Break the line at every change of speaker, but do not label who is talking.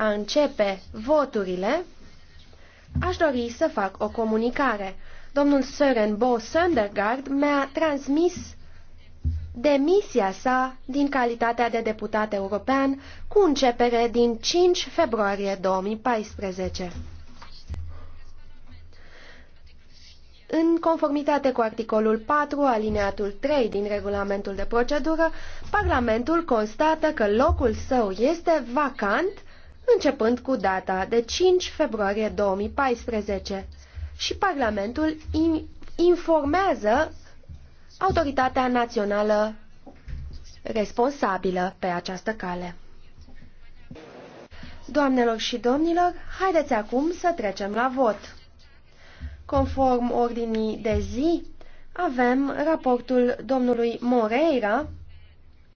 a începe voturile, aș dori să fac o comunicare. Domnul Søren Bo Söndergaard mi-a transmis demisia sa din calitatea de deputat european cu începere din 5 februarie 2014. În conformitate cu articolul 4, alineatul 3 din regulamentul de procedură, Parlamentul constată că locul său este vacant începând cu data de 5 februarie 2014 și Parlamentul informează autoritatea națională responsabilă pe această cale. Doamnelor și domnilor, haideți acum să trecem la vot. Conform ordinii de zi, avem raportul domnului Moreira,